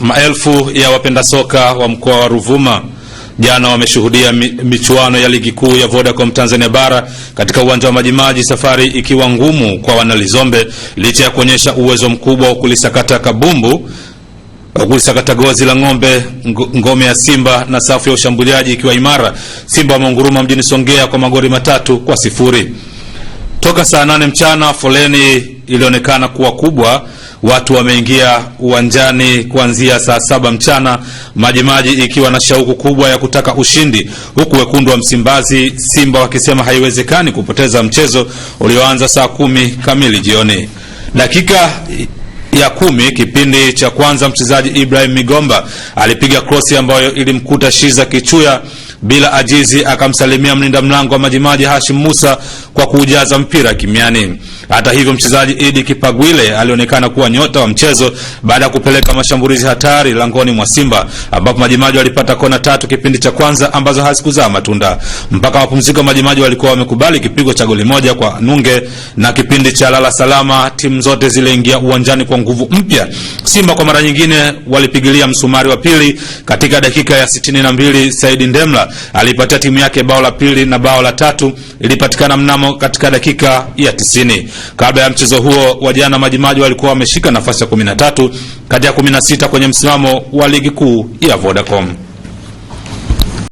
maelfu ya wapenda soka wa mkoa wa Ruvuma jana wameshuhudia michuano ya ligi kuu ya Vodacom Tanzania bara katika uwanja wa Majimaji, safari ikiwa ngumu kwa wanalizombe licha ya kuonyesha uwezo mkubwa wa kulisakata kabumbu kulisakata gozi la ng'ombe, ngome ya Simba na safu ya ushambuliaji ikiwa imara. Simba wameunguruma mjini Songea kwa magori matatu kwa sifuri. Toka saa nane mchana foleni ilionekana kuwa kubwa Watu wameingia uwanjani kuanzia saa saba mchana, Majimaji ikiwa na shauku kubwa ya kutaka ushindi, huku wekundu wa Msimbazi Simba wakisema haiwezekani kupoteza mchezo ulioanza saa kumi kamili jioni. Dakika ya kumi kipindi cha kwanza, mchezaji Ibrahim Migomba alipiga krosi ambayo ilimkuta Shiza Kichuya bila ajizi akamsalimia mlinda mlango wa Majimaji Hashim Musa kwa kuujaza mpira kimiani. Hata hivyo, mchezaji Idi Kipagwile alionekana kuwa nyota wa mchezo baada ya kupeleka mashambulizi hatari langoni mwa Simba, ambapo Majimaji walipata kona tatu kipindi cha kwanza ambazo hazikuzaa matunda. Mpaka mapumziko Majimaji walikuwa wamekubali kipigo cha goli moja kwa nunge, na kipindi cha lala salama timu zote ziliingia uwanjani kwa nguvu mpya. Simba kwa mara nyingine walipigilia msumari wa pili katika dakika ya 62 Saidi Ndemla alipatia timu yake bao la pili na bao la tatu ilipatikana mnamo katika dakika ya 90. Kabla ya mchezo huo wa jana, Majimaji walikuwa wameshika nafasi ya 13 kati ya 16 kwenye msimamo wa ligi kuu ya Vodacom.